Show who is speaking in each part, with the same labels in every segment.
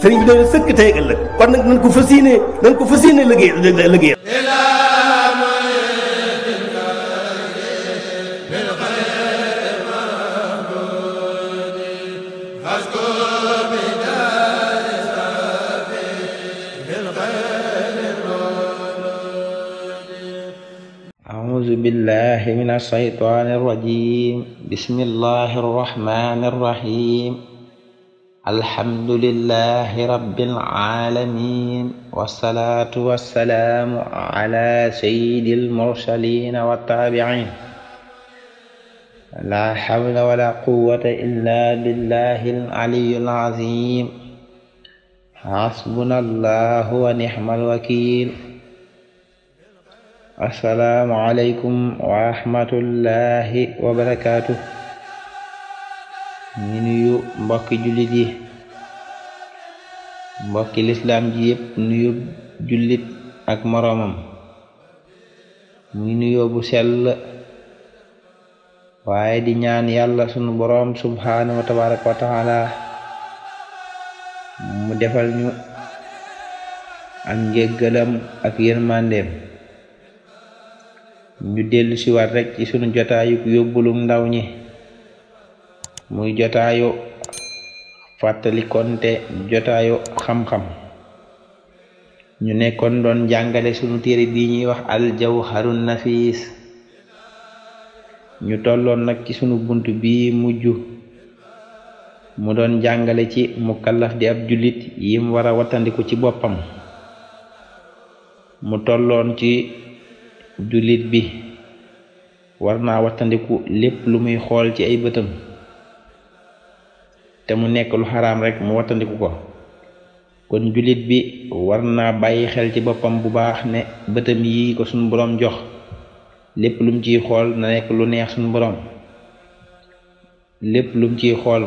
Speaker 1: sëriñ bi dañu sëkk tey ak ëllëg kon nag nañ ko fas yéene nañ ko fas yéene liggéey liggéeyal بالله من الشيطان الرجيم بسم الله الرحمن الرحيم alhamdulillahi rabbil alamin wasalaatu wasalaamu ala sayyidil mursalin wa tabi'in la hawla wala quwwata illa billahil aliyyil azim hasbunallahu wa ni'mal wakil assalaamu alaykum wa rahmatullahi wa barakatuh ñu nuyu mbokki jullit yi mbokki lislaam ji yépp nuyu jullit ak moroomam muy nuyoo bu sell waaye di ñaan yàlla sunu borom subhaanahu wa tabaraka wa mu defal ñu ak njéggalam ak yërmandeem ñu dellu siwaat rekk ci sunu jotaayuk yóbbulum ndaw ñi muy jotaayu fàttalikonte jotaayu xam-xam ñu nekkoon doon jàngale sunu téere bi ñuy wax aljawharun nafis ñu tolloon nag ci sunu bunt bi mujj mu doon jàngale ci mukallaf di ab jullit yim war a wattandiku ci boppam mu tolloon ci jullit bi war naa wattandiku lépp lu muy xool ci ay bëtam te mu nekk lu xaraam rek mu wattandiku ko kon julit bi war naa bàyyi xel ci boppam bu baax ne bëtam yi ko suñu boroom jox lépp lum ci xool na nekk lu neex suñu boroom lépp lum ciy xool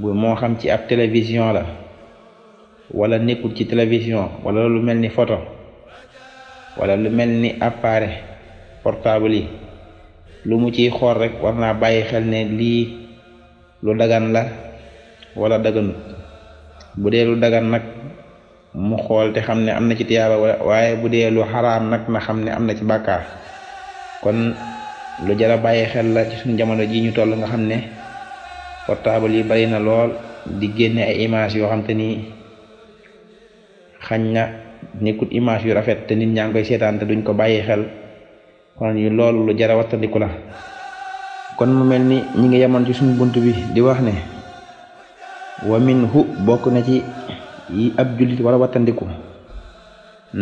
Speaker 1: bu moo xam ci ab télévision la wala nekkul ci télévision wala lu mel ni photo wala lu mel ni appare portable yi lu mu ciy xool rek war bàyyi xel ne lii lu dagan la wala daganut bu dee dagan nag mu xool te xam ne am na ci tiyaaba waaye bu dee lu xaraam nag na xam ne am na ci bàkkaar kon lu jara bàyyi xel la ci suñu jamono ji ñu toll nga xam ne portable yi bari na lool di génne ay image yoo xam te ni xañ na nekkut image yu rafet te nit ñaa ngi koy seetaan te duñ ko bàyyi xel kon yu loolu lu jara wattandiku la kon mu mel ni ñi ngi yemoon ci suñu bunt bi di wax ne wa minhu bokk na ci yi ab jullit wala wattandiku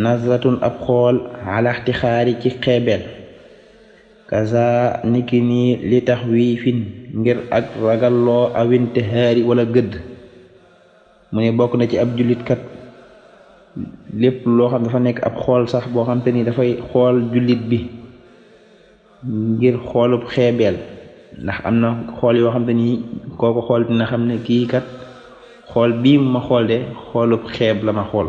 Speaker 1: nazratun ab xool alaxti xaari ci xeebeel kaza niki nii li tax wii fin ngir ak ragalloo awinte xaari wala gëdd mu ne bokk na ci ab jullit kat lépp loo xam dafa nekk ab xool sax boo xam te ni dafay xool jullit bi ngir xoolub xeebeel ndax am na xool yoo xam te ni kooku xool dina xam ne kii kat xool bii ma xool de xoolub xeeb la ma xool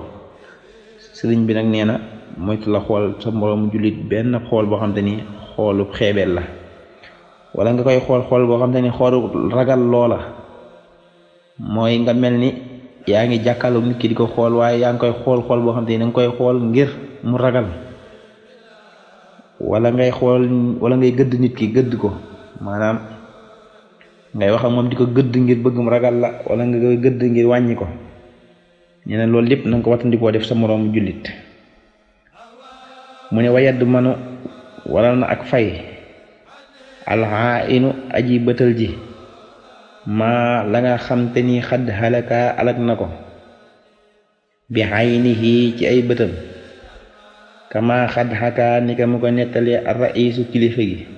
Speaker 1: sëriñ bi nag nee na moytu la xool sa moroom jullit benn xool boo xam te ni xoolub xeebeel la wala nga koy xool xool boo xam te ni xoolu ragal loola mooy nga mel ni yaa ngi jàkkaarloog nit ki di ko xool waaye yaa ngi koy xool xool boo xam te ni danga koy xool ngir mu ragal wala ngay xool wala ngay gëdd nit ki gëdd ko maanaam ngay wax ak moom di ko gëdd ngir bëggum ragal la walla nga ko gëdd ngir wàññi ko ñu ne loolu lépp na ko wattandikoo def sa moroom jullit mu ne wayadd manu waral na ak fay alxaa ji maa la nga xam te na ko bi xay ni ci ay bëtam kama xadd xakaa ni ka ko nettalee ra'iisu kilifa gi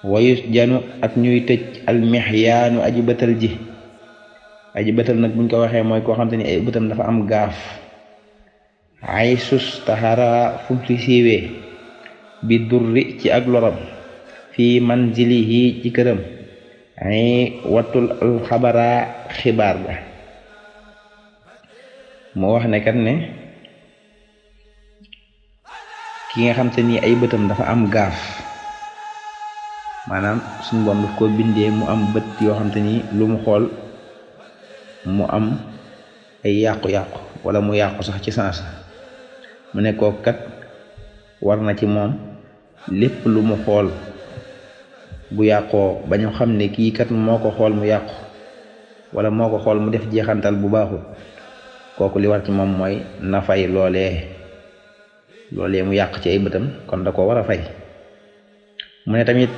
Speaker 1: wayus janu ak ñuy tëj almixyaanu aji bëtal ji aji bëtal nag buñ ko waxee mooy koo xam te ni ay bëtam dafa am gaaf ay sus taxara fu mu ci ak loram fii manzilihi ci këram ay wattul xibaar ga moo wax ne kat ne ki nga xam ni ay bëtam dafa am gaaf maanaam suñu borom daf ko bindee mu am bët yoo xam te ni lu mu xool mu am ay yàqu-yàqu walla mu yàqu sax ci sens mu ne koo kat war na ci moom lépp lu mu xool bu yàqoo ba ñu xam ne kii kat moo ko xool mu yàqu wala moo ko xool mu def jeexantal bu baaxul kooku li war ci moom mooy na fay loolee loolee mu yàq ci ay bëtam kon da ko war a fay mu ne tamit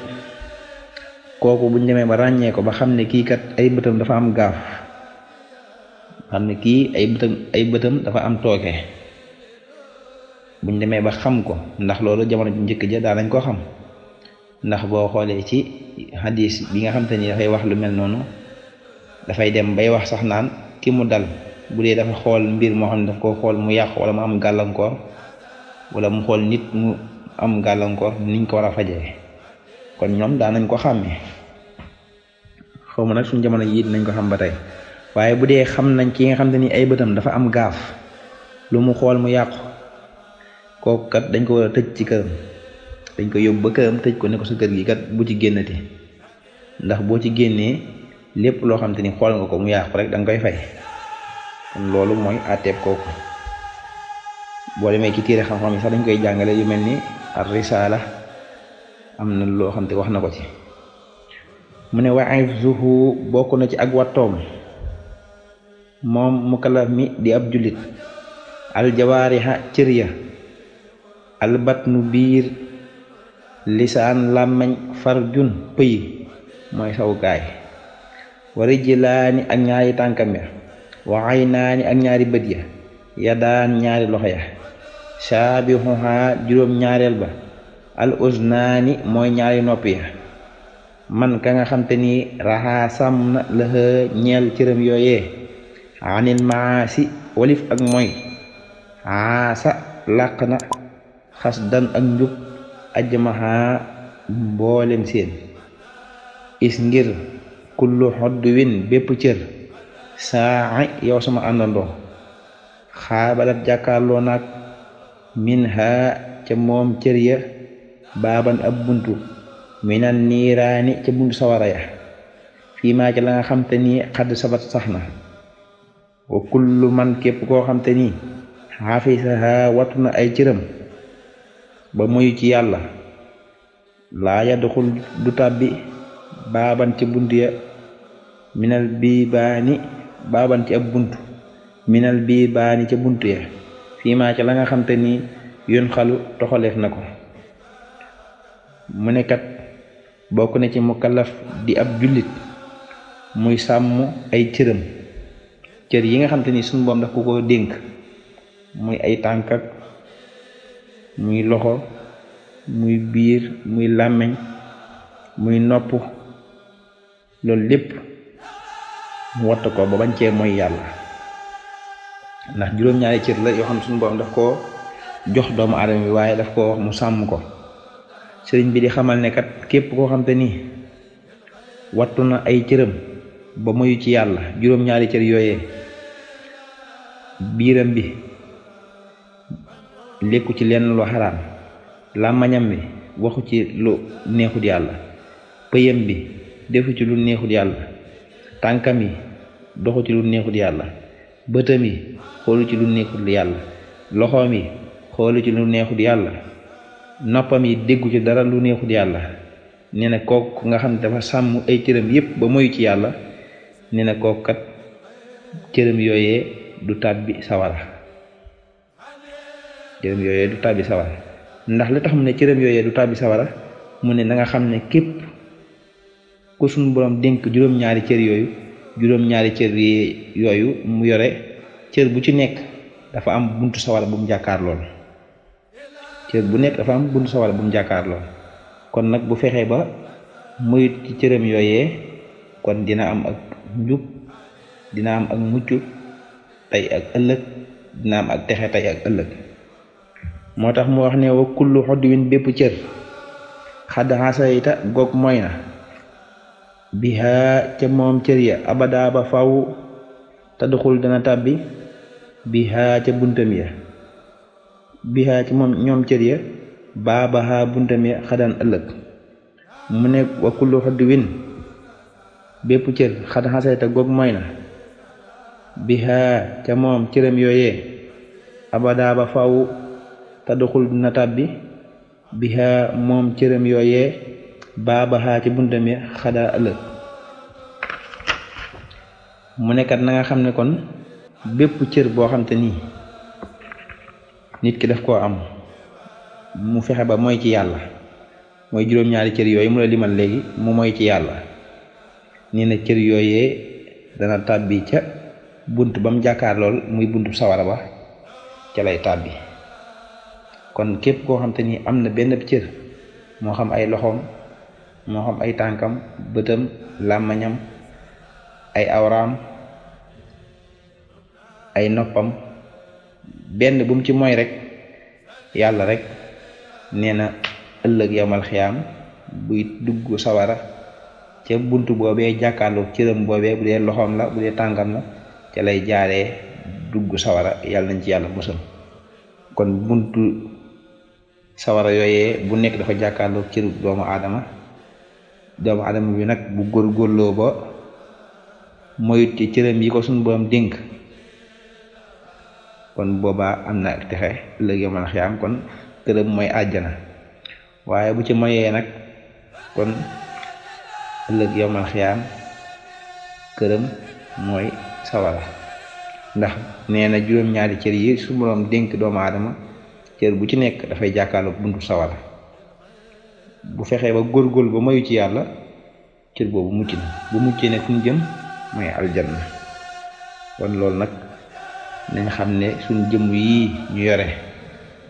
Speaker 1: kooku buñ demee ba ràññee ko ba xam ne kii kat ay bëtëm dafa am gaaf xam ne kii ay bëtam ay bëtam dafa am tooke buñ demee ba xam ko ndax loolu jamono ju njëkk ja daa dañ koo xam ndax boo xoolee ci hadis bi nga xam te ni dafay wax lu mel noonu dafay dem bay wax sax naan ki mu dal bu dee dafa xool mbir moo xam ne daf koo xool mu yàqu wala mu am gàllankoor wala mu xool nit mu am gàllankoor niñ ko war a fajee kon ñoom daanañ ko xàmmee xaw ma nag suñ jamono yii nañ ko xam ba tey waaye bu dee xam nañ ki nga xam ni ay bëtam dafa am gaaf lu mu xool mu yàqu kooku kat dañ ko war a tëj ci këram dañ ko yóbbu ba këram tëj ko ne ko kër gi kat bu ci génnati ndax boo ci génnee lépp loo xam ni xool nga ko mu yàqu rek da koy fay kon loolu mooy àtteeb kooku boo demee ci téere xam-xam yi sax dañ koy jàngale yu mel ni ar risaala am na loo xam te wax na ko ci mu ne wa ifzuhu bokk na ci ak wattoom moom mu mukallaf mi di ab jullit aljawaariha cër ya albatnu biir lisaan làmmañ farjun pëy mooy sawukaay wa rijlaani ak ñaari tànkam ya wa aynaani ak ñaari bët ya yadaan ñaari loxo ya saabihuha juróom ñaareel ba al uznaani mooy ñaari nopp man ka nga xam te ni raxaa sàmm na la ñeel cëram yooyee anil maasi walif ak mooy aasa làq na xas dan ak njub ajmaha mboolem seen is ngir kullu xodduwin bépp cër saa yow sama àndandoo xaabalat jàkkaarloo naag min ha ca moom cër ya baaban ab buntu minal niiraani ca buntu sawara ya fii maa ci la xam te xadd sabat sax na wa kullu man képp koo xam te nii xaafisaha wattu na ay cëram ba moyu ci yàlla laa yadxul du tàbbi baaban ci bunt ya minal bii baaban ci bunt minal bii ca bunt ya fii maa ci la nga xam te nii yoon xalu toxaleef na ko mu ne bokk na ci mu kalaf di ab jullit muy sàmm ay cëram cër yi nga xam te ni suñu boom daf ko ko dénk muy ay tànkat ak muy loxo muy biir muy làmmiñ muy nopp loolu lépp mu watt ko ba bañ cee mooy yàlla ndax juróom-ñaari cër la yoo xam ne suñu boom daf koo jox doomu aadama bi waaye daf koo mu sàmm ko sëriñ bi di xamal ne kat képp koo xam te ni wattu na ay cëram ba moyu ci yàlla juróom-ñaari cër yooyee biiram bi lekku ci lenn lu xaraam làmmañam bi waxu ci lu neexut yàlla pëyam bi defu ci lu neexut yàlla tànkam yi doxu ci lu neexut yàlla bëtam yi xoolu ci lu neexut yàlla loxoom yi xoolu ci lu neexut yàlla noppam yi déggu ci dara lu neexut yàlla nee na nga xam ne dafa sàmm ay cëram yépp ba moyu ci yàlla nee na kooku kat cëram yooyee du tàbbi sawara cëram yooyee du tàbbi sawara ndax li tax mu ne cëram yooyee du tàbbi sawara mu ne nanga xam ne képp ku suñu borom dénk juróom-ñaari cër yooyu juróom-ñaari cër yooyu mu yore cër bu ci nekk dafa am buntu sawara bu mu jàkkaar lool cër bu nekk dafa am bunt sawara bu mu jàkkaarloo kon nag bu fexee ba muyut ci cëram yooyee kon dina am ak njub dina am ak mucc tey ak ëllëg dina am ak texe tey ak ëllëg moo tax mu wax ne wa kullu xoddiwin bépp cër xadd xasayta goog mooy na biha ca moom cër ya abada ba faw tadduxul dana tàbbi biha ca buntam ya bihaa ci moom ñoom cër ya baabahaa buntam ya xadaan ëllëg mu ne wa kullu xoddi win bépp cër xad xasayta goog mooy na bihaa ca moom cëram yooyee abadaa ba faw tadduxul dina tàbbi bihaa moom cëram yooyee baabahaa ci buntam ya xadaa ëllëg mu nekkat na xam ne kon bépp cër boo xam te nii nit ki daf koo am mu fexe ba mooy ci yàlla mooy juróom-ñaari cër yooyu mu la limal léegi mu mooy ci yàlla nee na cër yooyee dana tàbbi ca bunt ba mu jàkkaar lool muy buntu sawara ba ca lay tàbbi kon képp koo xam te ni am na benn cër moo xam ay loxoom moo xam ay tànkam bëtam làmmañam ay awraam ay noppam benn bu mu ci mooy rek yàlla rek nee na ëllëg yamal xiyaam buy dugg sawara ca bunt boobee jàkkaarloog cëram boobee bu dee loxoom la bu dee tàngam la ca lay jaaree dugg sawara yàlla nañ ci yàlla musal kon buntu sawara yooyee bu nekk dafa jàkkaarloog cëru doomu aadama doomu aadama bi nag bu góorgóorloo ba moyut ci cëram yi ko suñu borom dénk kon boobaa am na ak texe léegi man xiyaam kon këram mooy àjjana waaye bu ci mayee nag kon ëllëg yowmal xiyaam këram mooy sawara ndax nee na juróom-ñaari cër yi su boroom dénk doomu aadama cër bu ci nekk dafay jàkkaarloo buntu sawara bu fexee ba góor ba mayu ci yàlla cër boobu mucc na bu muccee ne fu jëm mooy aljanna kon loolu nag nañ xam ne suñ jëmm yii ñu yore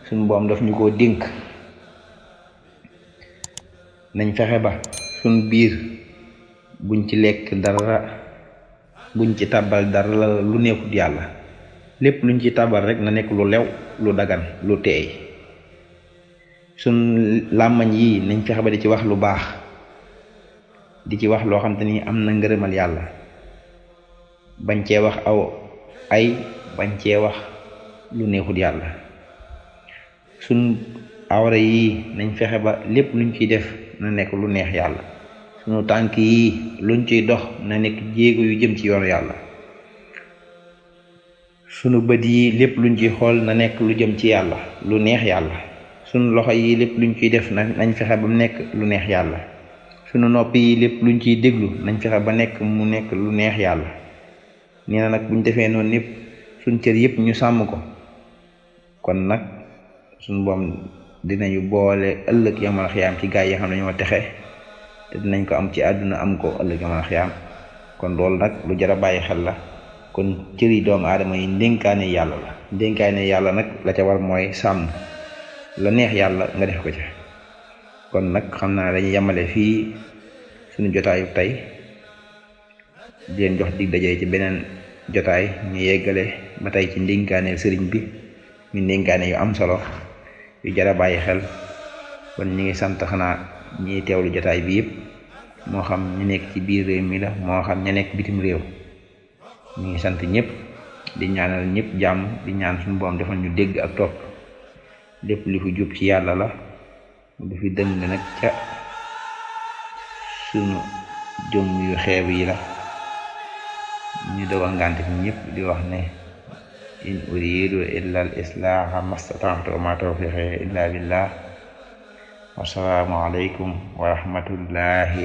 Speaker 1: suñ boom daf ñu koo dénk nañ fexe ba suñ biir buñ ci lekk dara buñ ci tàbbal dara lu nekkut yàlla lépp luñ ci tàbbal rek na nekk lu lew lu dagan lu teey suñ làmmañ yii nañ fexe ba di ci wax lu baax di ci wax loo xam te ni am na ngërëmal yàlla bañ cee wax aw ay bañ cee wax lu neexut yàlla suñ awra yi nañ fexe ba lépp luñ ciy def na nekk lu neex yàlla sunu tànk yi luñ ciy dox na nekk jéego yu jëm ci yoonu yàlla sunu bët yi lépp luñ ciy xool na nekk lu jëm ci yàlla lu neex yàlla sunu loxo yii lépp luñ ciy def na nañ fexe ba mu nekk lu neex yàlla sunu nopp yi lépp luñ ciy déglu nañ fexe ba nekk mu nekk lu neex yàlla nee na nag buñ defee noonu lépp suñ cër yëpp ñu sàmm ko kon nag suñ boom dinañu boole ëllëg yamal xiyaam ci gaay yi xam ne ñoo texe te dinañ ko am ci àdduna am ko ëllëg yamal xiyaam kon loolu nag lu jar a bàyyi xel la kon cëri doom aadama yi ndénkaane yàlla la ndénkaane yàlla nag la ca war mooy sàmm la neex yàlla nga def ko ca kon nag xam naa dañuy yemale fii suñu jotaayu tey di jox dig daje ci beneen jotaay ñu yeggale ba tey ci ndénkaaneel sëriñ bi mi ndénkaane yu am solo yu jara bàyyi xel kon ñu ngi sant xanaa ñiy teewlu jotaay bi yëpp moo xam ñu nekk ci biir réew mi la moo xam ñu nekk bitim réew ñu ngi sant ñëpp di ñaanal ñëpp jàmm di ñaan suñu boom defal ñu dégg ak topp lépp li fi jub ci yàlla la lu fi dëng nag ca suñu jëm yu xeew yi la ñu dogal ngànt fi ñëpp di wax ne in uridu illa al islaaha ma tawfiqi illa billah wassalaamu aleykum wa rahmatullahi